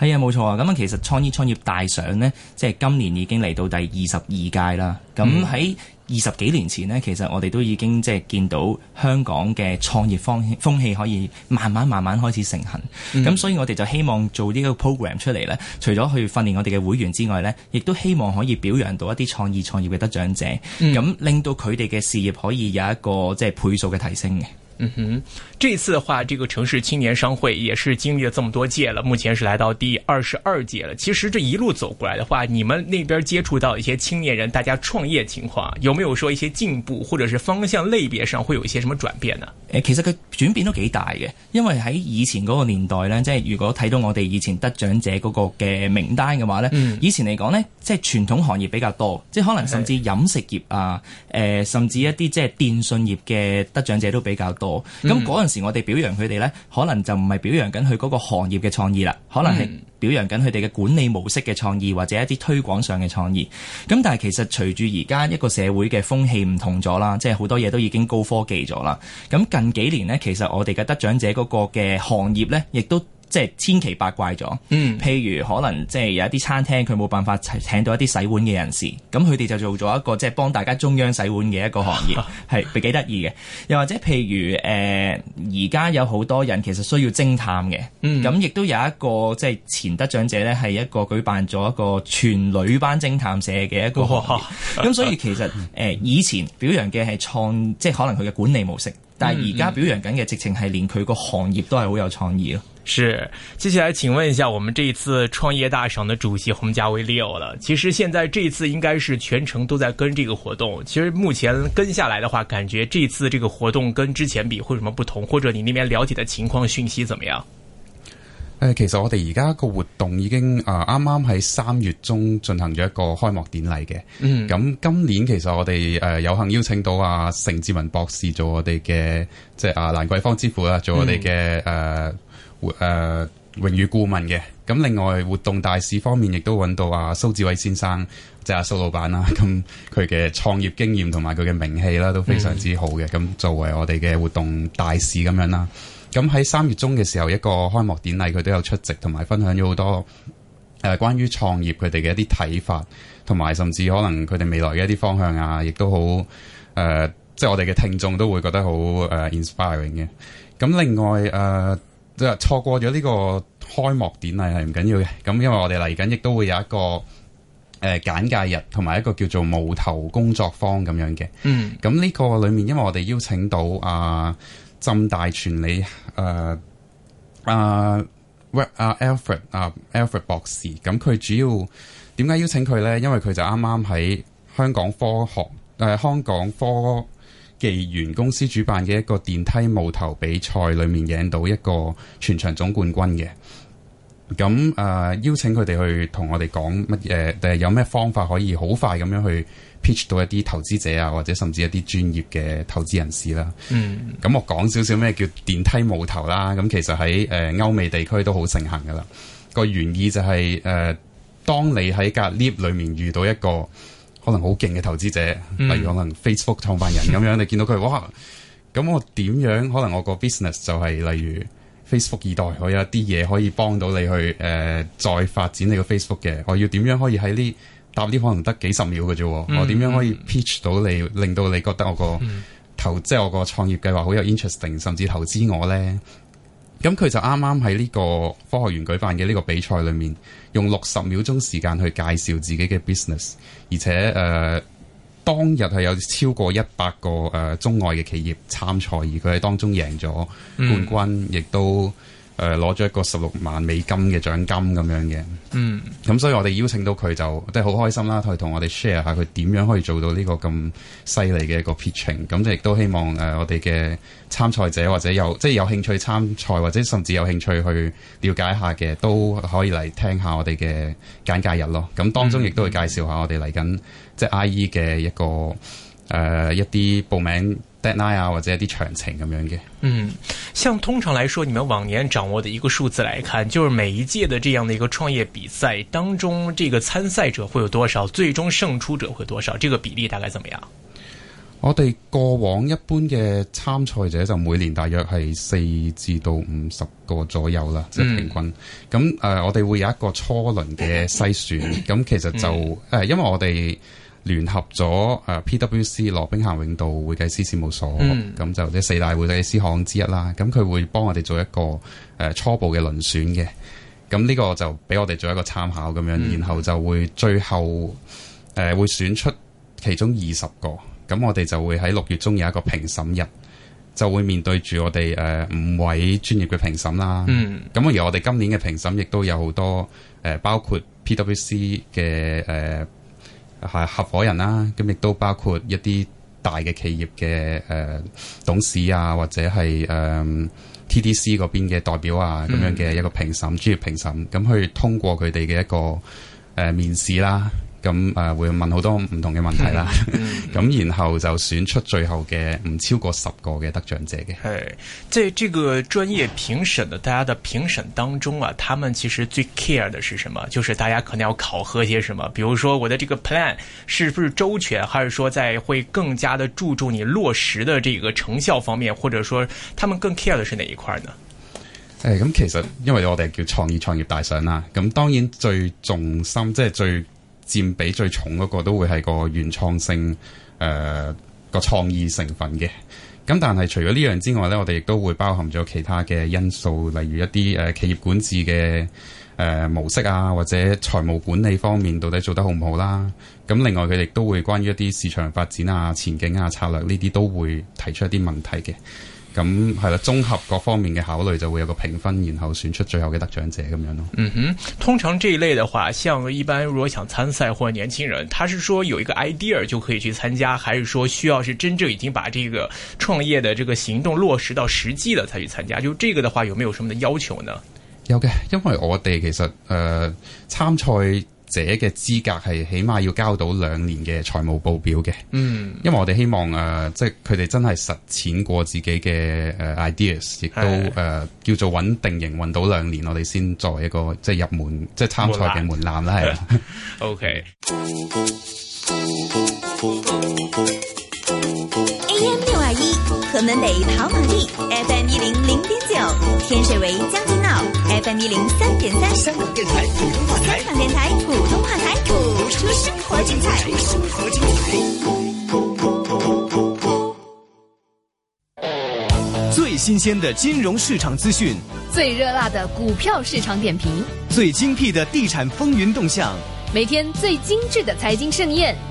係啊，冇錯啊！咁啊，其實創意創業大賞呢，即係今年已經嚟到第二十二屆啦。咁喺二十幾年前呢，其實我哋都已經即係見到香港嘅創業風風氣可以慢慢慢慢開始成行。咁、嗯、所以我哋就希望做呢個 program 出嚟呢，除咗去訓練我哋嘅會員之外呢，亦都希望可以表揚到一啲創意創業嘅得獎者，咁令到佢哋嘅事業可以有一個即係倍數嘅提升嘅。嗯哼，這次的話，這個城市青年商會也是經歷了這麼多屆了，目前是來到第二十二屆了。其實這一路走過來的話，你們那邊接觸到一些青年人，大家創業情況有沒有說一些進步，或者是方向類別上會有一些什麼轉變呢？誒，其實佢轉變都幾大嘅，因為喺以前嗰個年代咧，即係如果睇到我哋以前得獎者嗰個嘅名單嘅話咧，嗯、以前嚟講咧，即係傳統行業比較多，即係可能甚至飲食業啊，誒是、呃，甚至一啲即係電信業嘅得獎者都比較多。咁嗰陣時，我哋表揚佢哋呢，可能就唔係表揚緊佢嗰個行業嘅創意啦，可能係表揚緊佢哋嘅管理模式嘅創意，或者一啲推廣上嘅創意。咁但係其實隨住而家一個社會嘅風氣唔同咗啦，即係好多嘢都已經高科技咗啦。咁近幾年呢，其實我哋嘅得獎者嗰個嘅行業呢，亦都即係千奇百怪咗，嗯、譬如可能即係有一啲餐廳佢冇辦法請到一啲洗碗嘅人士，咁佢哋就做咗一個即係幫大家中央洗碗嘅一個行業，係幾得意嘅。又或者譬如誒，而、呃、家有好多人其實需要偵探嘅，咁亦都有一個即係前得長者呢係一個舉辦咗一個全女班偵探社嘅一個行業。咁 所以其實誒、呃，以前表揚嘅係創，即、就、係、是、可能佢嘅管理模式，但係而家表揚緊嘅直情係連佢個行業都係好有創意咯。是，接下來請問一下，我們這一次創業大賞的主席洪家威 Leo 了。其實現在這一次應該是全程都在跟這個活動。其實目前跟下來的話，感覺這次這個活動跟之前比會有什麼不同？或者你那邊了解的情況訊息怎麼樣？誒、呃，其實我哋而家個活動已經誒啱啱喺三月中進行咗一個開幕典禮嘅。嗯。咁、嗯嗯、今年其實我哋誒、呃、有幸邀請到阿盛智文博士做我哋嘅即係阿蘭桂坊之父啦、啊，做我哋嘅誒。嗯呃啊啊誒、呃、榮譽顧問嘅，咁另外活動大使方面亦都揾到啊蘇志偉先生，即係阿、是啊、蘇老闆啦、啊。咁佢嘅創業經驗同埋佢嘅名氣啦都非常之好嘅。咁、嗯、作為我哋嘅活動大使咁樣啦、啊，咁喺三月中嘅時候一個開幕典禮，佢都有出席，同埋分享咗好多誒、呃、關於創業佢哋嘅一啲睇法，同埋甚至可能佢哋未來嘅一啲方向啊，亦都好誒、呃，即係我哋嘅聽眾都會覺得好誒、呃、inspiring 嘅。咁另外誒。呃即係錯過咗呢個開幕典禮係唔緊要嘅，咁因為我哋嚟緊亦都會有一個誒、呃、簡介日，同埋一個叫做無頭工作坊咁樣嘅。嗯，咁呢個裏面，因為我哋邀請到啊，浸大傳理誒啊，阿、啊啊、Alfred 啊，Alfred 博士。咁佢主要點解邀請佢咧？因為佢就啱啱喺香港科學誒、呃，香港科。技源公司主辦嘅一個電梯冒頭比賽裏面贏到一個全場總冠軍嘅，咁誒、呃、邀請佢哋去同我哋講乜嘢，定、呃、有咩方法可以好快咁樣去 pitch 到一啲投資者啊，或者甚至一啲專業嘅投資人士啦。嗯，咁我講少少咩叫電梯冒頭啦，咁其實喺誒歐美地區都好盛行噶啦。個原意就係、是、誒、呃，當你喺隔 lift 裏面遇到一個。可能好勁嘅投資者，例如可能 Facebook 創辦人咁樣，你見到佢哇，咁我點樣？可能我個 business 就係例如 Facebook 二代，我有一啲嘢可以幫到你去誒、呃、再發展你個 Facebook 嘅。我要點樣可以喺呢搭啲可能得幾十秒嘅啫？嗯、我點樣可以 pitch 到你，令到你覺得我個、嗯、投即係、就是、我個創業計劃好有 interesting，甚至投資我咧？咁佢就啱啱喺呢個科學園舉辦嘅呢個比賽裏面，用六十秒鐘時間去介紹自己嘅 business，而且誒、呃、當日係有超過一百個誒、呃、中外嘅企業參賽，而佢喺當中贏咗冠軍，亦、嗯、都誒，攞咗一個十六萬美金嘅獎金咁樣嘅，嗯，咁、嗯、所以我哋邀請到佢就都係好開心啦，佢同我哋 share 下佢點樣可以做到呢個咁犀利嘅一個 pitching，咁亦都希望誒、呃、我哋嘅參賽者或者有即係有興趣參賽或者甚至有興趣去了解下嘅都可以嚟聽下我哋嘅簡介日咯，咁當中亦都會介紹下我哋嚟緊即係 IE 嘅一個誒、呃、一啲報名。Deadline 啊，Dead line，或者一啲詳情咁樣嘅。嗯，像通常來說，你們往年掌握的一個數字來看，就是每一屆的這樣的一個創業比賽當中，這個參賽者會有多少，最終勝出者會多少，這個比例大概怎麼樣？我哋過往一般嘅參賽者就每年大約係四至到五十個左右啦，即、就、係、是、平均。咁、嗯呃、我哋會有一個初輪嘅篩選，咁 其實就、嗯、因為我哋。聯合咗誒、uh, PWC 羅兵咸永道會計師事務所，咁、嗯、就即四大會計師行之一啦。咁佢會幫我哋做一個誒、uh, 初步嘅遴選嘅。咁呢個就俾我哋做一個參考咁樣，嗯、然後就會最後誒、uh, 會選出其中二十個。咁我哋就會喺六月中有一個評審日，就會面對住我哋誒五位專業嘅評審啦。咁而、嗯、我哋今年嘅評審亦都有好多誒，uh, 包括 PWC 嘅誒。Uh, 係合伙人啦，咁亦都包括一啲大嘅企業嘅誒、呃、董事啊，或者係誒 TDC 邊嘅代表啊，咁樣嘅一個評審，mm. 專業評審，咁去通過佢哋嘅一個誒、呃、面試啦。咁誒、嗯呃，會問好多唔同嘅問題啦。咁、嗯 嗯、然後就選出最後嘅唔超過十個嘅得獎者嘅。係，即係呢個專業評審嘅，大家的評審當中啊，他們其實最 care 的是什麼？就是大家可能要考核些什麼？比如說，我的這個 plan 是不是周全，還是說在會更加的注重你落實的這個成效方面，或者說他們更 care 的是哪一塊呢？誒、哎，咁、嗯、其實因為我哋叫創意創業大賞啦、啊，咁、嗯、當然最重心即係最。佔比最重嗰個都會係個原創性誒、呃、個創意成分嘅，咁但係除咗呢樣之外呢，我哋亦都會包含咗其他嘅因素，例如一啲誒、呃、企業管治嘅誒、呃、模式啊，或者財務管理方面到底做得好唔好啦。咁、嗯、另外佢哋亦都會關於一啲市場發展啊、前景啊、策略呢啲都會提出一啲問題嘅。咁係啦，綜合各方面嘅考慮就會有個評分，然後選出最後嘅得獎者咁樣咯。嗯哼，通常這一類嘅話，像一般如果想參賽或者年輕人，他是說有一個 idea 就可以去參加，還是說需要是真正已經把這個創業的這個行動落實到實際了，才去參加？就這個的話，有沒有什麼的要求呢？有嘅，因為我哋其實誒、呃、參賽。者嘅資格係起碼要交到兩年嘅財務報表嘅，嗯，因為我哋希望誒，uh, 即係佢哋真係實踐過自己嘅誒、uh, ideas，亦都誒、uh, 叫做穩定營運到兩年，我哋先作為一個即係入門即係參賽嘅門，門檻啦，係 O K。屯門北跑馬地 FM 一零零點九，天水圍將軍澳 FM 一零三點三，香港電台廣東話台。香港電台廣東話台，播出生,生活精彩，生,生活精彩。最新鮮的金融市場資訊，最熱辣的股票市場點評，最精辟的地產風雲動向，每天最精致的財經盛宴。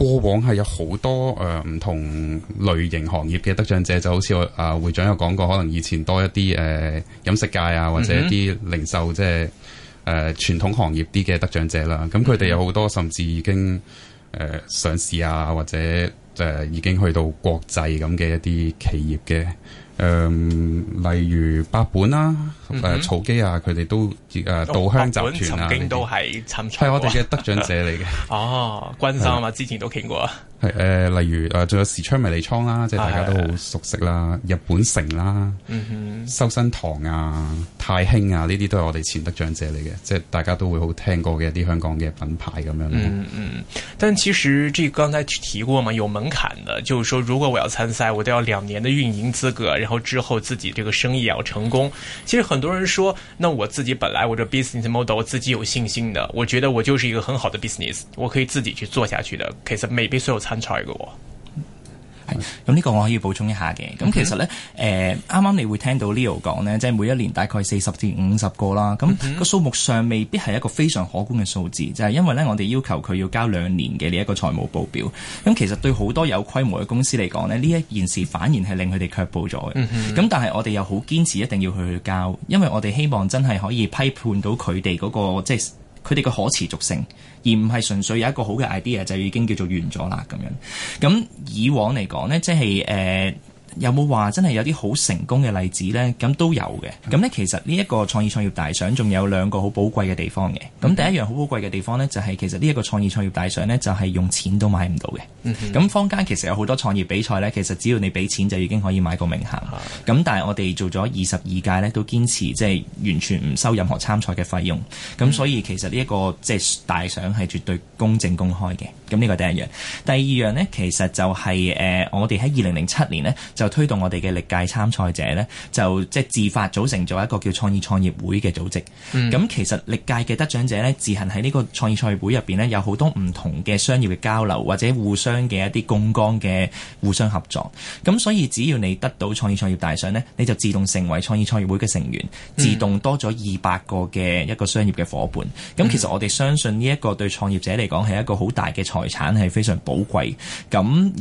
過往係有好多誒、呃、唔同類型行業嘅得獎者，就好似我啊會長有講過，可能以前多一啲誒、呃、飲食界啊，或者一啲零售即係誒傳統行業啲嘅得獎者啦。咁佢哋有好多甚至已經誒、呃、上市啊，或者誒、呃、已經去到國際咁嘅一啲企業嘅。誒、嗯，例如百本啦、啊，誒、嗯哼啊、曹基啊，佢哋都誒稻、啊哦、香集團曾經團啊，係我哋嘅得獎者嚟嘅。 哦，軍生啊嘛，的之前都傾過啊。係誒、呃，例如誒，仲、呃、有時昌迷你倉啦，即係大家都好熟悉啦，啊、日本城啦，嗯、哼修身堂啊，泰興啊，呢啲都係我哋前得獎者嚟嘅，即係大家都會好聽過嘅一啲香港嘅品牌咁樣。嗯嗯，但其實即係剛才提過嘛，有門檻嘅，就是說如果我要參賽，我都要兩年的運營資格，然後之後自己這個生意要成功。其實很多人說，那我自己本來我嘅 business model 我自己有信心的，我覺得我就是一個很好的 business，我可以自己去做下去的。其實未必所有。參賽嘅，咁呢、哦、個我可以補充一下嘅。咁其實呢，誒、mm，啱、hmm. 啱、呃、你會聽到 Leo 講呢，即係每一年大概四十至五十個啦。咁個數目上未必係一個非常可觀嘅數字，就係、是、因為呢，我哋要求佢要交兩年嘅呢一個財務報表。咁其實對好多有規模嘅公司嚟講呢，呢、mm hmm. 一件事反而係令佢哋卻步咗嘅。咁、mm hmm. 但係我哋又好堅持一定要佢去交，因為我哋希望真係可以批判到佢哋嗰個即係。就是佢哋嘅可持續性，而唔係純粹有一個好嘅 idea 就已經叫做完咗啦咁樣。咁以往嚟講呢，即係誒。呃有冇話真係有啲好成功嘅例子呢？咁都有嘅。咁呢，其實呢一個創意創業大賞仲有兩個好寶貴嘅地方嘅。咁第一樣好寶貴嘅地方呢，就係、是、其實呢一個創意創業大賞呢，就係、是、用錢都買唔到嘅。嗯哼。咁坊間其實有好多創業比賽呢，其實只要你俾錢就已經可以買個名額啦。咁的但係我哋做咗二十二屆呢，都堅持即係、就是、完全唔收任何參賽嘅費用。咁所以其實呢、這、一個即係、就是、大賞係絕對公正公開嘅。咁呢個第一樣。第二樣呢，其實就係、是、誒、呃、我哋喺二零零七年呢。就推動我哋嘅歷屆參賽者咧，就即係自發組成咗一個叫創意創業會嘅組織。咁、嗯、其實歷屆嘅得獎者咧，自行喺呢個創意創業會入邊咧，有好多唔同嘅商業嘅交流，或者互相嘅一啲槓桿嘅互相合作。咁所以只要你得到創意創業大賞咧，你就自動成為創意創業會嘅成員，自動多咗二百個嘅一個商業嘅夥伴。咁、嗯、其實我哋相信呢一個對創業者嚟講係一個好大嘅財產，係非常寶貴，咁而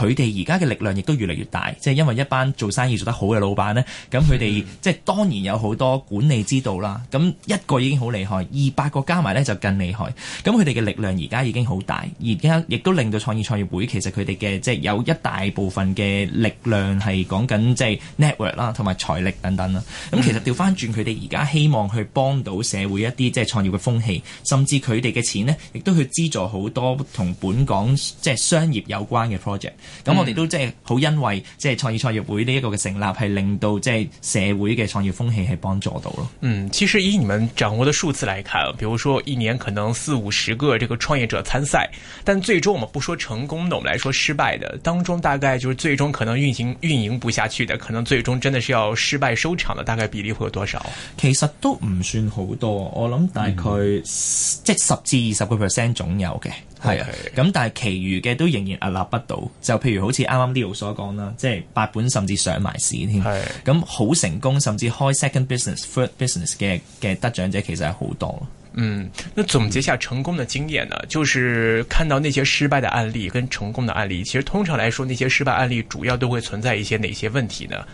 佢哋而家嘅力量亦都越嚟越大。即係因為一班做生意做得好嘅老闆呢，咁佢哋即係當然有好多管理之道啦。咁一個已經好厲害，二百個加埋呢就更厲害。咁佢哋嘅力量而家已經好大，而家亦都令到創業創業會。其實佢哋嘅即係有一大部分嘅力量係講緊即係 network 啦，同埋財力等等啦。咁其實調翻轉佢哋而家希望去幫到社會一啲即係創業嘅風氣，甚至佢哋嘅錢呢，亦都去資助好多同本港即係商業有關嘅 project。咁、嗯、我哋都即係好欣慰。即係創意創業會呢一個嘅成立，係令到即係社會嘅創業風氣係幫助到咯。嗯，其實以你們掌握的數字來看，比如說一年可能四五十個這個創業者參賽，但最終我們不說成功的，我們來說失敗的當中，大概就是最終可能運行運營不下去的，可能最終真的是要失敗收場的，大概比例會有多少？其實都唔算好多，我諗大概、嗯、即十至二十個 percent 總有嘅，係啊。咁但係其餘嘅都仍然屹立不倒，就譬如好似啱啱 Leo 所講啦，即八本甚至上埋市添，咁好是成功，甚至開 second business、third business 嘅嘅得獎者，其實係好多。嗯，咁總結下成功嘅經驗咧，就是看到那些失敗的案例跟成功的案例，其實通常來說，那些失敗案例主要都會存在一些哪些問題啊？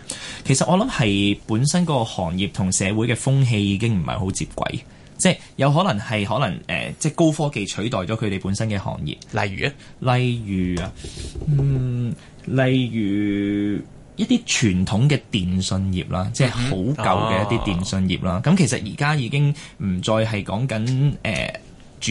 其實我諗係本身個行業同社會嘅風氣已經唔係好接軌，即係有可能係可能誒、呃，即係高科技取代咗佢哋本身嘅行業，例如咧，例如啊，嗯。例如一啲傳統嘅電信業啦，即係好舊嘅一啲電信業啦。咁、嗯啊、其實而家已經唔再係講緊誒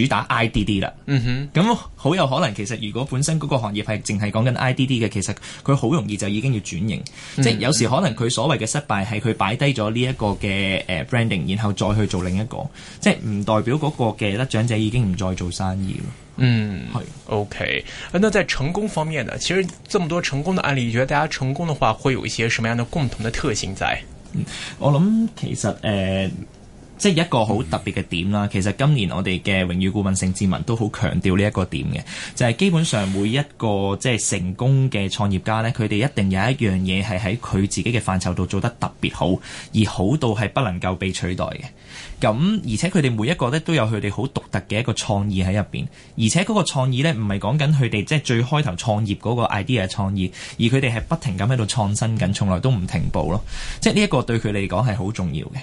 主打 I D D 啦。嗯哼。咁好有可能其實如果本身嗰個行業係淨係講緊 I D D 嘅，其實佢好容易就已經要轉型。嗯、哼即係有時可能佢所謂嘅失敗係佢擺低咗呢一個嘅誒 branding，然後再去做另一個，即係唔代表嗰個嘅得獎者已經唔再做生意。嗯是，OK。那在成功方面呢？其實這麼多成功的案例，你覺得大家成功的話，會有一些什麼樣的共同的特性在？我諗其實誒。呃即係一個好特別嘅點啦。其實今年我哋嘅榮譽顧問盛志文都好強調呢一個點嘅，就係基本上每一個即係成功嘅創業家呢，佢哋一定有一樣嘢係喺佢自己嘅範疇度做得特別好，而好到係不能夠被取代嘅。咁而且佢哋每一個呢，都有佢哋好獨特嘅一個創意喺入邊，而且嗰個創意呢，唔係講緊佢哋即係最開頭創業嗰個 idea 創意，而佢哋係不停咁喺度創新緊，從來都唔停步咯。即係呢一個對佢嚟講係好重要嘅。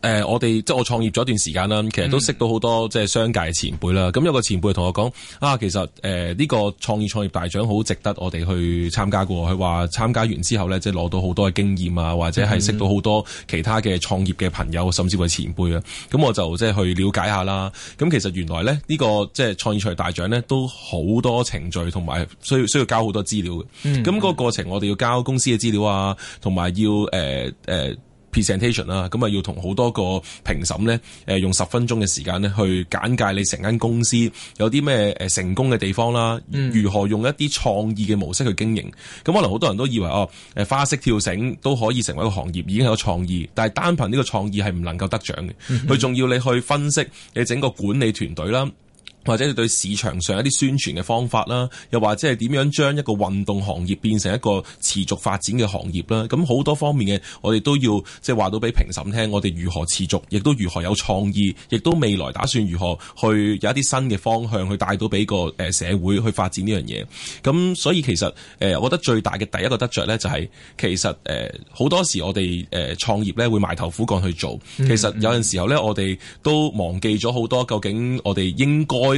誒、呃，我哋即係我創業咗一段時間啦，其實都識到好多即係商界前輩啦。咁、嗯嗯、有個前輩同我講啊，其實誒呢、呃這個創意創業大獎好值得我哋去參加過。佢話參加完之後咧，即係攞到好多嘅經驗啊，或者係識到好多其他嘅創業嘅朋友，甚至係前輩啊。咁、嗯、我就即係去了解下啦。咁、嗯、其實原來咧呢、這個即係創意創業大獎咧，都好多程序同埋，需要需要交好多資料嘅。咁、嗯嗯、個過程我哋要交公司嘅資料啊，同埋要誒誒。呃呃呃呃呃 presentation 啦，咁啊要同好多個評審咧，誒、呃、用十分鐘嘅時間咧，去簡介你成間公司有啲咩誒成功嘅地方啦，如何用一啲創意嘅模式去經營？咁可能好多人都以為哦，誒花式跳繩都可以成為一個行業，已經有創意，但係單憑呢個創意係唔能夠得獎嘅，佢仲要你去分析你整個管理團隊啦。或者對市場上一啲宣傳嘅方法啦，又或者係點樣將一個運動行業變成一個持續發展嘅行業啦，咁好多方面嘅我哋都要即係話到俾評審聽，我哋如何持續，亦都如何有創意，亦都未來打算如何去有一啲新嘅方向去帶到俾個誒社會去發展呢樣嘢。咁所以其實誒，我覺得最大嘅第一個得着呢，就係，就係其實誒好多時我哋誒創業呢會埋頭苦幹去做，其實有陣時候呢，我哋都忘記咗好多究竟我哋應該。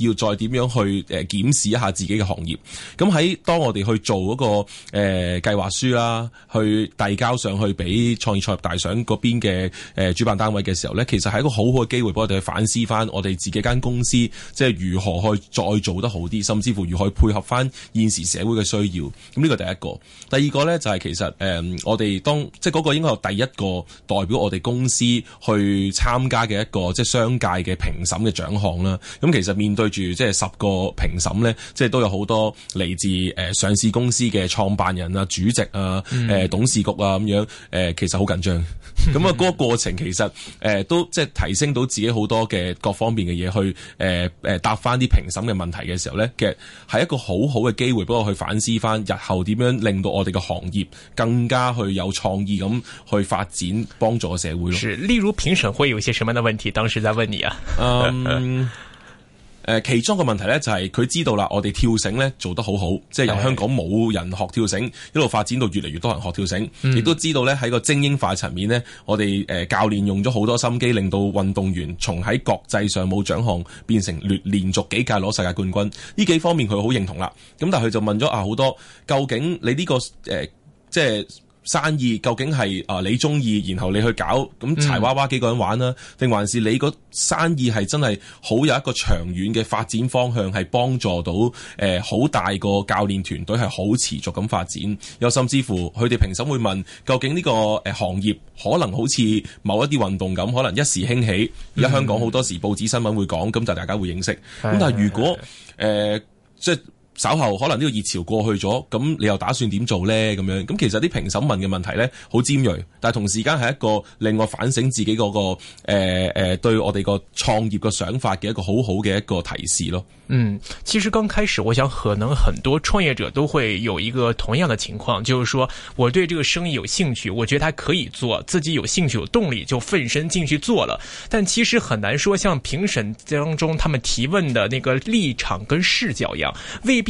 要再點樣去誒檢視一下自己嘅行業，咁喺當我哋去做嗰、那個誒、呃、計劃書啦，去遞交上去俾創業創業大賞嗰邊嘅誒、呃、主辦單位嘅時候咧，其實係一個好好嘅機會，幫我哋去反思翻我哋自己間公司，即、就、係、是、如何去再做得好啲，甚至乎如何去配合翻現時社會嘅需要。咁呢個第一個第二個咧就係、是、其實誒、呃、我哋當即嗰、就是、個應該有第一個代表我哋公司去參加嘅一個即係、就是、商界嘅評審嘅獎項啦。咁其實面對住即係十個評審咧，即係都有好多嚟自，誒上市公司嘅創辦人啊、主席啊、誒、呃、董事局啊咁樣誒，其實好緊張。咁啊，嗰個過程其實誒都、呃、即係提升到自己好多嘅各方面嘅嘢，去誒誒、呃、答翻啲評審嘅問題嘅時候咧，其實係一個好好嘅機會，幫我去反思翻日後點樣令到我哋嘅行業更加去有創意咁去發展，幫助社會咯。是，例如評審會有些什麼樣的問題？當時在問你啊，嗯。 Um, 誒其中一個問題呢，就係佢知道啦，我哋跳繩呢做得好好，即係由香港冇人學跳繩，一路發展到越嚟越多人學跳繩，亦都、嗯、知道呢，喺個精英化層面呢，我哋誒教練用咗好多心機，令到運動員從喺國際上冇獎項變成連連續幾屆攞世界冠軍，呢幾方面佢好認同啦。咁但係佢就問咗啊好多，究竟你呢、呢個誒、呃、即係？生意究竟係啊、呃、你鍾意，然後你去搞咁柴娃娃幾個人玩啦？定還是你個生意係真係好有一個長遠嘅發展方向，係幫助到誒好、呃、大個教練團隊係好持續咁發展？有甚至乎佢哋評審會問究竟呢、這個誒、呃、行業可能好似某一啲運動咁，可能一時興起。而家、嗯、香港好多時報紙新聞會講，咁就大家會認識。咁、嗯嗯、但係如果誒、呃、即係。稍後可能呢個熱潮過去咗，咁你又打算點做呢？咁樣咁其實啲評審問嘅問題呢，好尖銳，但同時間係一個令我反省自己嗰、那個誒誒、呃呃，對我哋個創業嘅想法嘅一個好好嘅一個提示咯。嗯，其實剛開始我想，可能很多創業者都會有一個同樣嘅情況，就是說我對這個生意有興趣，我覺得它可以做，自己有興趣有動力就奮身進去做了。但其實很難說，像評審當中他們提問的那個立場跟視角一樣，未必。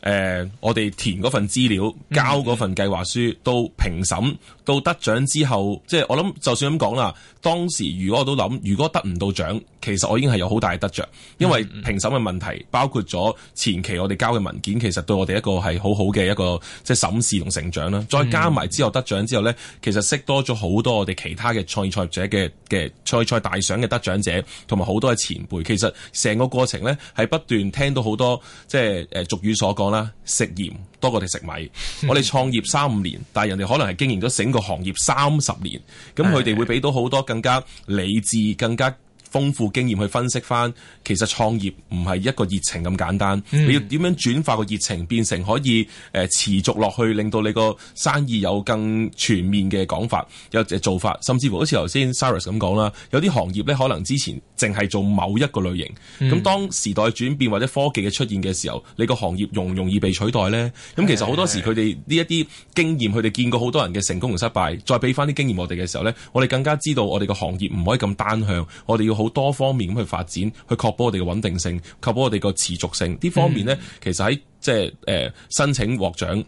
誒、呃，我哋填份資料，交份計劃書到評審，到得獎之後，即係我諗，就算咁講啦。當時如果我都諗，如果得唔到獎，其實我已經係有好大嘅得着，因為評審嘅問題包括咗前期我哋交嘅文件，其實對我哋一個係好好嘅一個即係審視同成長啦。再加埋之後得獎之後呢，其實識多咗好多我哋其他嘅創業創業者嘅嘅創業創業大賞嘅得獎者，同埋好多嘅前輩。其實成個過程呢，係不斷聽到好多即係誒俗語所講，啦，食鹽多過我哋食米。 我哋創業三五年，但係人哋可能係經營咗整個行業三十年，咁佢哋會俾到好多更加理智、更加，豐富經驗去分析翻，其實創業唔係一個熱情咁簡單，嗯、你要點樣轉化個熱情變成可以誒、呃、持續落去，令到你個生意有更全面嘅講法，有做法，甚至乎好似頭先 Sarris 咁講啦，有啲行業呢，可能之前淨係做某一個類型，咁、嗯、當時代轉變或者科技嘅出現嘅時候，你個行業容唔容易被取代呢？咁、嗯、其實好多時佢哋呢一啲經驗，佢哋見過好多人嘅成功同失敗，再俾翻啲經驗我哋嘅時候呢，我哋更加知道我哋個行業唔可以咁單向，我哋要。好多方面咁去發展，去確保我哋嘅穩定性，確保我哋個持續性。呢方面咧，嗯、其實喺即係誒申請獲獎。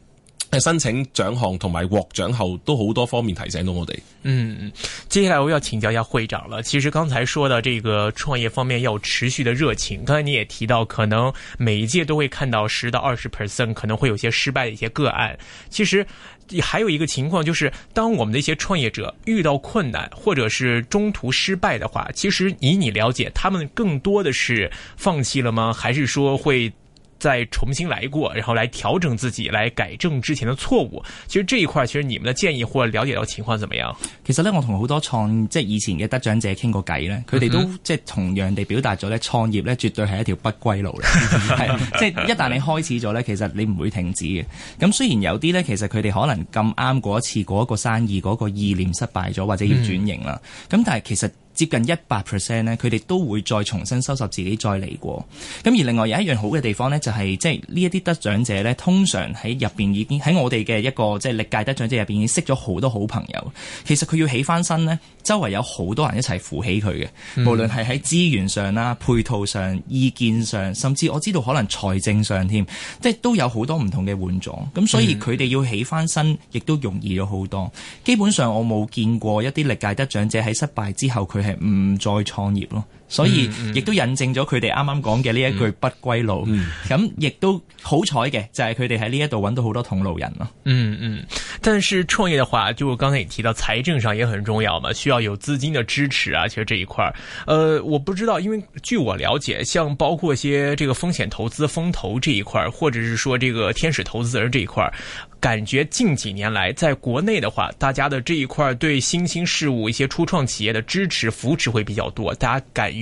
係申請獎項同埋獲獎後都好多方面提醒到我哋。嗯，接下來我要請教一下會長啦。其實剛才說的這個創業方面要持續的熱情，剛才你也提到，可能每一屆都會看到十到二十 percent 可能會有些失敗的一些個案。其實還有一個情況就是，當我們的一些創業者遇到困難，或者是中途失敗的話，其實以你了解，他們更多的是放棄了嗎？還是說會？再重新來過，然後來調整自己，來改正之前的錯誤。其實這一塊，其實你們的建議或了解到情況怎麼樣？其實呢我同好多創，即係以前嘅得獎者傾過偈呢，佢哋、mm hmm. 都即係同樣地表達咗呢創業呢，絕對係一條不歸路啦。 即係一旦你開始咗呢，其實你唔會停止嘅。咁雖然有啲呢，其實佢哋可能咁啱嗰一次嗰一、嗰個生意嗰、嗰個意念失敗咗，或者要轉型啦。咁、mm hmm. 但係其實。接近一百 percent 咧，佢哋都會再重新收拾自己，再嚟過。咁而另外有一樣好嘅地方咧、就是，就係即係呢一啲得獎者咧，通常喺入邊已經喺我哋嘅一個即係歷屆得獎者入邊已經識咗好多好朋友。其實佢要起翻身咧，周圍有好多人一齊扶起佢嘅，嗯、無論係喺資源上啦、配套上、意見上，甚至我知道可能財政上添，即係都有好多唔同嘅援助。咁、嗯、所以佢哋要起翻身，亦都容易咗好多。基本上我冇見過一啲歷屆得獎者喺失敗之後，佢係。唔再創業咯。所以亦都印證咗佢哋啱啱講嘅呢一句不歸路。咁亦、嗯、都好彩嘅就係佢哋喺呢一度搵到好多同路人咯。嗯嗯。但是創業的話，就我剛才也提到財政上也很重要嘛，需要有資金的支持啊。其實這一塊，呃，我不知道，因為據我了解，像包括一些這個風險投資風投這一塊，或者是說這個天使投資人這一塊，感覺近幾年來在國內的話，大家的這一塊對新興事物、一些初創企業的支持扶持會比較多，大家敢於。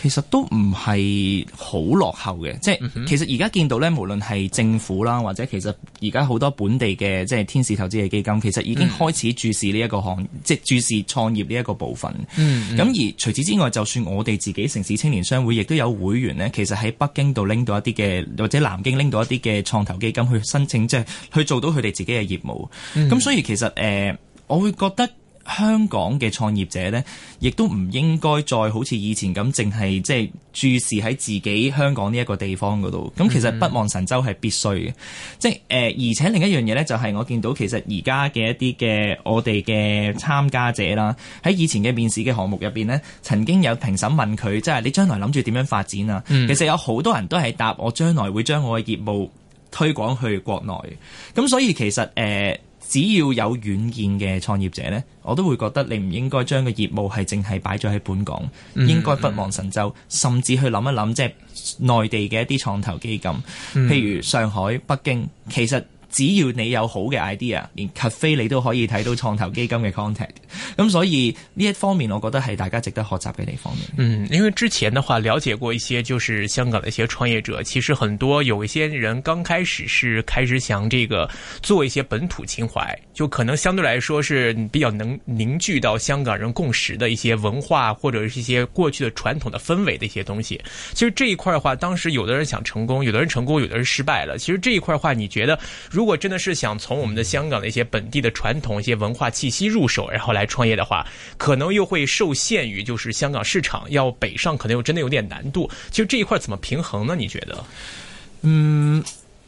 其實都唔係好落後嘅，即係其實而家見到呢，無論係政府啦，或者其實而家好多本地嘅即係天使投資嘅基金，其實已經開始注視呢一個行，mm hmm. 即係注視創業呢一個部分。咁、mm hmm. 而除此之外，就算我哋自己城市青年商會，亦都有會員呢，其實喺北京度拎到一啲嘅，或者南京拎到一啲嘅創投基金去申請，即係去做到佢哋自己嘅業務。咁、mm hmm. 所以其實誒、呃，我會覺得。香港嘅創業者呢，亦都唔應該再好似以前咁，淨係即係注視喺自己香港呢一個地方嗰度。咁其實北望神州係必須嘅。即係、嗯嗯、而且另一樣嘢呢，就係、是、我見到其實而家嘅一啲嘅我哋嘅參加者啦，喺以前嘅面試嘅項目入邊呢，曾經有評審問佢，即係你將來諗住點樣發展啊？嗯、其實有好多人都係答我將來會將我嘅業務推廣去國內。咁所以其實誒。呃只要有遠見嘅創業者呢，我都會覺得你唔應該將個業務係淨係擺咗喺本港，嗯、應該不忘神州，甚至去諗一諗即係內地嘅一啲創投基金，譬如上海、北京，其實。只要你有好嘅 idea，連 cafe 你都可以睇到創投基金嘅 content。咁所以呢一方面，我覺得係大家值得學習嘅地方嚟。嗯，因為之前的話了解過一些，就是香港的一些創業者，其實很多有一些人剛開始是開始想這個做一些本土情懷，就可能相對來說是比較能凝聚到香港人共識的一些文化或者是一些過去的傳統的氛圍的一些東西。其實這一塊嘅話，當時有的人想成功，有的人成功，有的人失敗了。其實這一塊嘅話，你覺得？如果真的是想從我們的香港的一些本地的傳統一些文化氣息入手，然後來創業的話，可能又會受限於就是香港市場要北上，可能又真的有點難度。其實這一塊怎麼平衡呢？你覺得？嗯，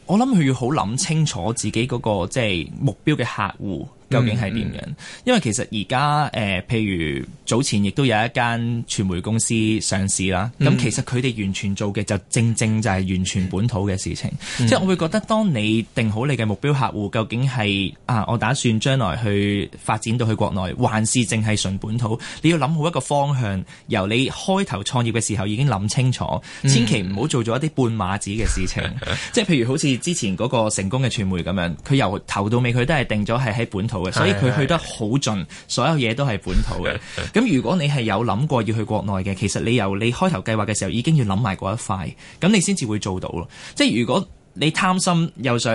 我諗佢要好諗清楚自己嗰個即係目標嘅客戶。究竟係點樣？嗯嗯、因為其實而家，誒，譬如早前亦都有一間傳媒公司上市啦。咁、嗯、其實佢哋完全做嘅就正正就係完全本土嘅事情。嗯、即係我會覺得，當你定好你嘅目標客戶究竟係啊，我打算將來去發展到去國內還是淨係純本土？你要諗好一個方向，由你開頭創業嘅時候已經諗清楚，千祈唔好做咗一啲半碼子嘅事情。嗯、 即係譬如好似之前個成功嘅傳媒咁樣，佢由頭到尾佢都係定咗係喺本土。所以佢去得好盡， 所有嘢都係本土嘅。咁 如果你係有諗過要去國內嘅，其實你由你開頭計劃嘅時候已經要諗埋嗰一塊，咁你先至會做到咯。即係如果，你貪心又想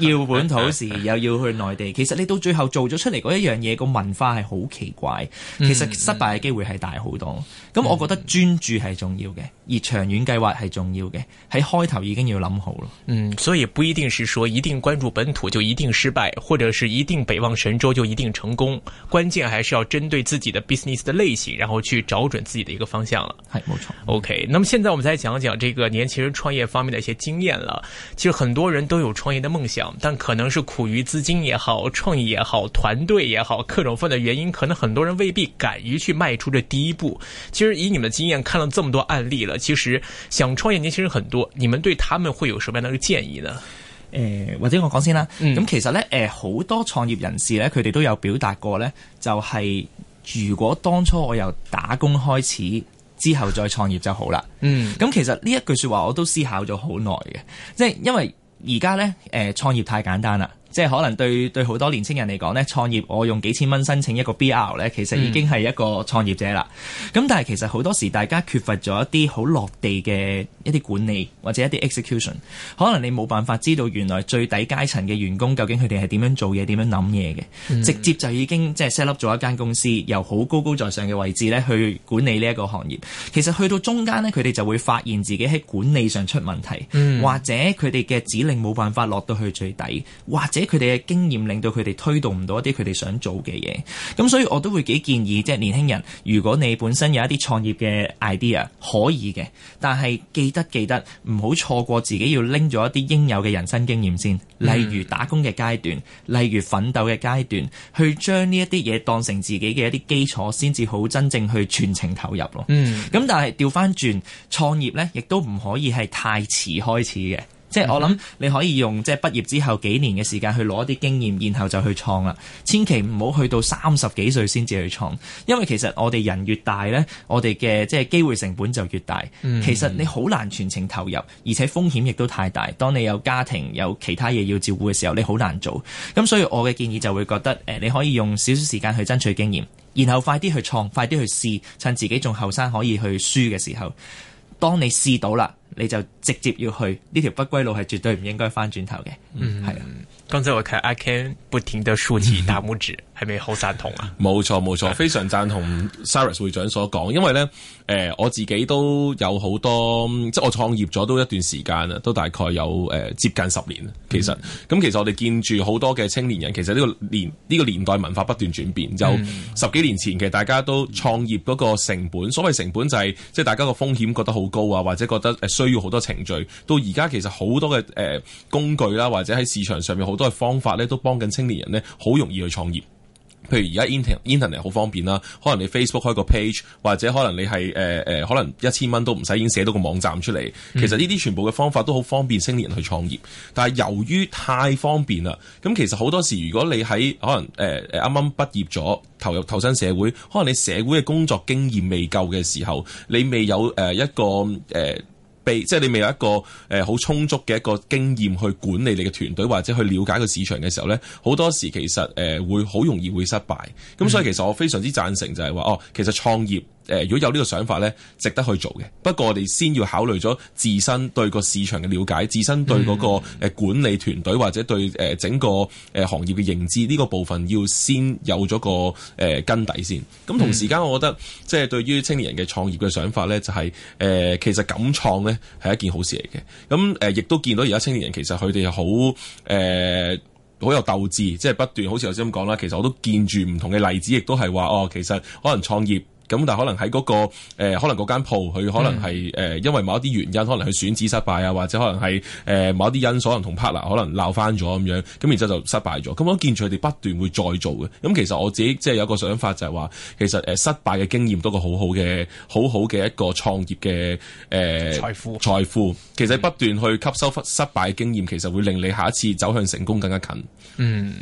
要本土時，又要去內地，其實你到最後做咗出嚟，嗰一樣嘢，個文化係好奇怪，其實失敗嘅機會係大好多。咁、嗯、我覺得專注係重要嘅，而長遠計劃係重要嘅，喺開頭已經要諗好咯。嗯，所以不一定是說一定關注本土就一定失敗，或者是一定北望神州就一定成功。關鍵還是要針對自己的 business 的類型，然後去找準自己的一個方向啦。係冇錯。OK，那麼現在我們再講講這個年輕人創業方面的一些經驗啦。其實很多人都有創業的夢想，但可能是苦於資金也好、創意也好、團隊也好，各種各樣的原因，可能很多人未必敢於去邁出這第一步。其實以你們的經驗看了這麼多案例了，其實想創業年輕人很多，你們對他們會有什麼樣的建議呢？呃，或者我先講先啦，嗯，咁其實呢，誒、呃，好多創業人士呢，佢哋都有表達過呢，就係、是、如果當初我由打工開始。之後再創業就好啦。嗯，咁其實呢一句説話我都思考咗好耐嘅，即係因為而家呢誒、呃、創業太簡單啦。即係可能對對好多年青人嚟講呢，創業我用幾千蚊申請一個 B R 咧，其實已經係一個創業者啦。咁、嗯、但係其實好多時大家缺乏咗一啲好落地嘅一啲管理或者一啲 execution，可能你冇辦法知道原來最底階層嘅員工究竟佢哋係點樣做嘢、點樣諗嘢嘅，嗯、直接就已經即係 set up 咗一間公司，由好高高在上嘅位置咧去管理呢一個行業。其實去到中間呢，佢哋就會發現自己喺管理上出問題，嗯、或者佢哋嘅指令冇辦法落到去最底，或者佢哋嘅經驗令到佢哋推動唔到一啲佢哋想做嘅嘢，咁所以我都會幾建議，即係年輕人，如果你本身有一啲創業嘅 idea，可以嘅，但係記得記得唔好錯過自己要拎咗一啲應有嘅人生經驗先，例如打工嘅階段，例如奮鬥嘅階段，去將呢一啲嘢當成自己嘅一啲基礎，先至好真正去全程投入咯。嗯，咁但係掉返轉創業呢，亦都唔可以係太遲開始嘅。即係我諗，你可以用即係畢業之後幾年嘅時間去攞啲經驗，然後就去創啦。千祈唔好去到三十幾歲先至去創，因為其實我哋人越大呢，我哋嘅即係機會成本就越大。其實你好難全程投入，而且風險亦都太大。當你有家庭有其他嘢要照顧嘅時候，你好難做。咁所以我嘅建議就會覺得，誒你可以用少少時間去爭取經驗，然後快啲去創，快啲去試，趁自己仲後生可以去輸嘅時候。當你試到啦，你就直接要去呢條不歸路，係絕對唔應該翻轉頭嘅。係、嗯、啊，剛才我睇阿 Ken 不停豎起大拇指。嗯係咪好贊同啊？冇錯冇錯，錯的非常贊同 Siris 會長所講。因為呢，誒、呃，我自己都有好多，即係我創業咗都一段時間啦，都大概有誒、呃、接近十年啦。其實，咁、嗯、其實我哋見住好多嘅青年人，其實呢個年呢、這個年代文化不斷轉變。有、嗯、十幾年前，嘅大家都創業嗰個成本，所謂成本就係、是、即係大家個風險覺得好高啊，或者覺得需要好多程序。到而家其實好多嘅誒、呃、工具啦，或者喺市場上面好多嘅方法呢，都幫緊青年人呢，好容易去創業。譬如而家 Internet Internet 好方便啦，可能你 Facebook 開個 page，或者可能你係誒誒，可能一千蚊都唔使已經寫到個網站出嚟。其實呢啲全部嘅方法都好方便，青年人去創業。但係由於太方便啦，咁其實好多時如果你喺可能誒誒啱啱畢業咗，投入投身社會，可能你社會嘅工作經驗未夠嘅時候，你未有誒一個誒。呃被即係你未有一個誒好充足嘅一個經驗去管理你嘅團隊，或者去了解個市場嘅時候呢，好多時其實誒會好容易會失敗。咁所以其實我非常之贊成就係話，哦，其實創業。誒，如果有呢個想法呢，值得去做嘅。不過，我哋先要考慮咗自身對個市場嘅了解，嗯、自身對嗰個管理團隊或者對誒整個誒行業嘅認知呢、呢個部分，要先有咗個誒根底先。咁同時間，我覺得、嗯、即係對於青年人嘅創業嘅想法呢，就係、是、誒、呃、其實敢創呢係一件好事嚟嘅。咁誒，亦都見到而家青年人其實佢哋好誒好有鬥志，即、就、係、是、不斷好似頭先咁講啦。其實我都見住唔同嘅例子，亦都係話哦，其實可能創業。咁但係可能喺嗰、那個誒、呃，可能嗰間鋪佢可能係誒、嗯呃，因為某一啲原因，可能佢選址失敗啊，或者可能係誒、呃、某一啲因素，可能同 partner 可能鬧翻咗咁樣，咁然之後就失敗咗。咁我見住佢哋不斷會再做嘅。咁、嗯、其實我自己即係有一個想法就係話，其實誒、呃、失敗嘅經驗都個好好嘅，好好嘅一個創業嘅誒、呃、財富財富。其實不斷去吸收失失敗嘅經驗，其實會令你下一次走向成功更加近。嗯，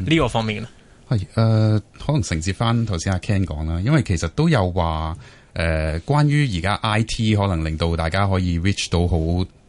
呢個方面。係誒、呃，可能承接翻頭先阿 Ken 講啦，因為其實都有話誒、呃，關於而家 IT 可能令到大家可以 reach 到好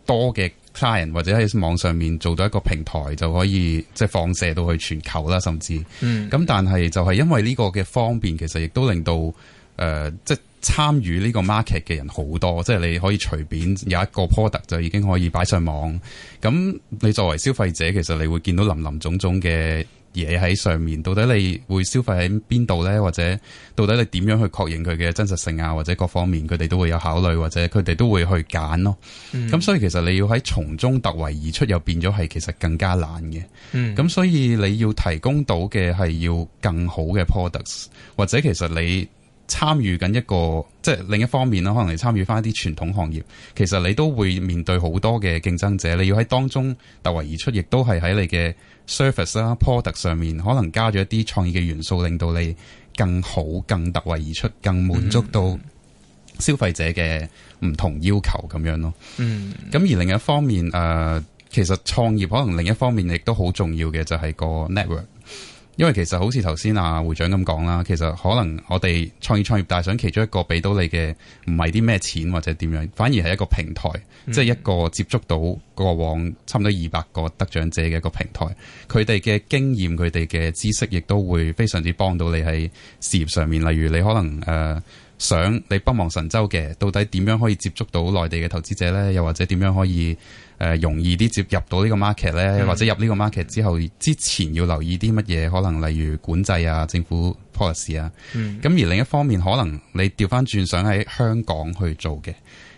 多嘅 client，或者喺網上面做到一個平台就可以即係放射到去全球啦，甚至咁。嗯、但係就係因為呢個嘅方便，其實亦都令到誒、呃，即係參與呢個 market 嘅人好多，即係你可以隨便有一個 product 就已經可以擺上網。咁你作為消費者，其實你會見到林林總總嘅。嘢喺上面，到底你會消費喺邊度咧？或者到底你點樣去確認佢嘅真實性啊？或者各方面佢哋都會有考慮，或者佢哋都會去揀咯。嗯，咁所以其實你要喺從中突圍而出，又變咗係其實更加難嘅。嗯，咁所以你要提供到嘅係要更好嘅 products，或者其實你。參與緊一個即係另一方面啦，可能你參與翻一啲傳統行業，其實你都會面對好多嘅競爭者，你要喺當中突圍而出，亦都係喺你嘅 service 啦、product 上面，可能加咗一啲創意嘅元素，令到你更好、更突圍而出、更滿足到消費者嘅唔同要求咁樣咯。嗯，咁而另一方面，誒、呃、其實創業可能另一方面亦都好重要嘅，就係、是、個 network。因為其實好似頭先阿會長咁講啦，其實可能我哋創意創業大賞其中一個俾到你嘅唔係啲咩錢或者點樣，反而係一個平台，嗯、即係一個接觸到過往差唔多二百個得獎者嘅一個平台，佢哋嘅經驗、佢哋嘅知識，亦都會非常之幫到你喺事業上面。例如你可能誒。呃想你北望神州嘅，到底點樣可以接觸到內地嘅投資者咧？又或者點樣可以誒、呃、容易啲接入到呢個 market 咧？Mm. 或者入呢個 market 之後之前要留意啲乜嘢？可能例如管制啊、政府 policy 啊。嗯。咁而另一方面，可能你調翻轉想喺香港去做嘅，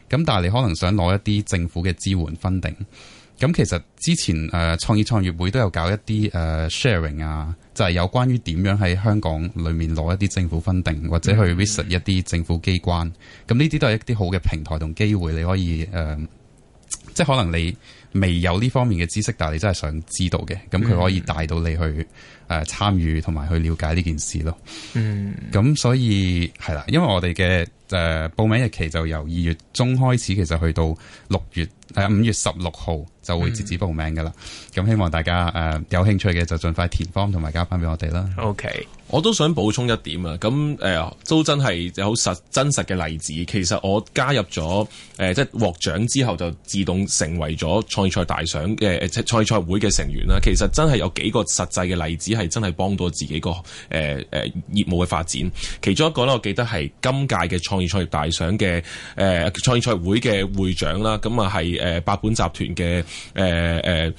咁但係你可能想攞一啲政府嘅支援 funding，咁其實之前誒創意創業會都有搞一啲誒、呃、sharing 啊。就係有關於點樣喺香港裏面攞一啲政府分定，或者去 visit 一啲政府機關，咁呢啲都係一啲好嘅平台同機會，你可以誒，uh, 即係可能你未有呢方面嘅知識，但係你真係想知道嘅，咁佢可以帶到你去。誒、啊、參與同埋去了解呢件事咯。嗯，咁、啊、所以係啦，因為我哋嘅誒報名日期就由二月中開始，其實就去到六月誒五、嗯啊、月十六號就會截止報名嘅啦。咁、嗯啊、希望大家誒、呃、有興趣嘅就盡快填 form 同埋交翻俾我哋啦。O Okay . K，我都想補充一點啊。咁誒、呃、都真係有實真實嘅例子。其實我加入咗誒即係獲獎之後，就自動成為咗創業大賞嘅誒賽賽會嘅成員啦。其實真係有幾個實際嘅例子。係真係幫到自己個誒誒業務嘅發展，其中一個咧，我記得係今屆嘅創意創業大賞嘅誒創業創業會嘅會長、呃呃呃、CEO，啦，咁啊係誒百本集團嘅誒誒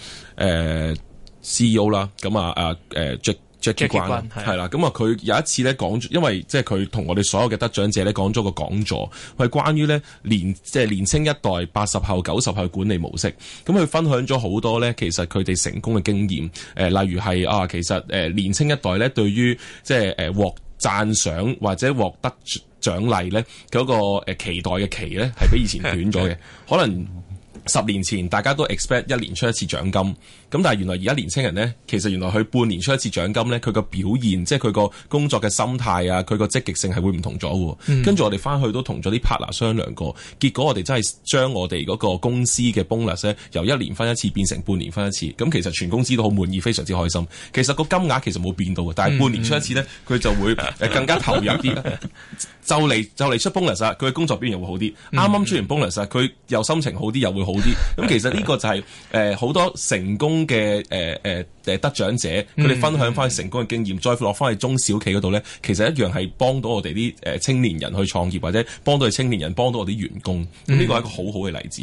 誒 C E O 啦，咁啊啊誒。Jack 著慣係啦，咁啊佢有一次咧講咗，因為即係佢同我哋所有嘅得獎者咧講咗個講座，係關於咧年即係、就是、年青一代八十後九十後管理模式。咁佢分享咗好多咧，其實佢哋成功嘅經驗，誒、呃、例如係啊，其實誒、呃、年青一代咧對於即係誒獲讚賞或者獲得獎勵咧嗰個期待嘅期咧係比以前短咗嘅，可能。 十年前大家都 expect 一年出一次獎金，咁但係原來而家年青人咧，其實原來佢半年出一次獎金咧，佢個表現即係佢個工作嘅心態啊，佢個積極性係會唔同咗嘅。嗯、跟住我哋翻去都同咗啲 partner 商量過，結果我哋真係將我哋嗰個公司嘅 bonus 咧，由一年分一次變成半年分一次。咁其實全公司都好滿意，非常之開心。其實個金額其實冇變到嘅，但係半年出一次咧，佢、嗯、就會誒更加投入啲、嗯。就嚟就嚟出 bonus 啦，佢嘅工作表現又會好啲。啱啱、嗯、出完 bonus 啊，佢又心情好啲，又會好。咁其實呢個就係誒好多成功嘅，誒誒誒得獎者，佢哋分享翻佢成功嘅經驗，嗯、再落翻去中小企嗰度咧，其實一樣係幫到我哋啲誒青年人去創業，或者幫到佢青年人，幫到我啲員工，咁呢個係一個好好嘅例子。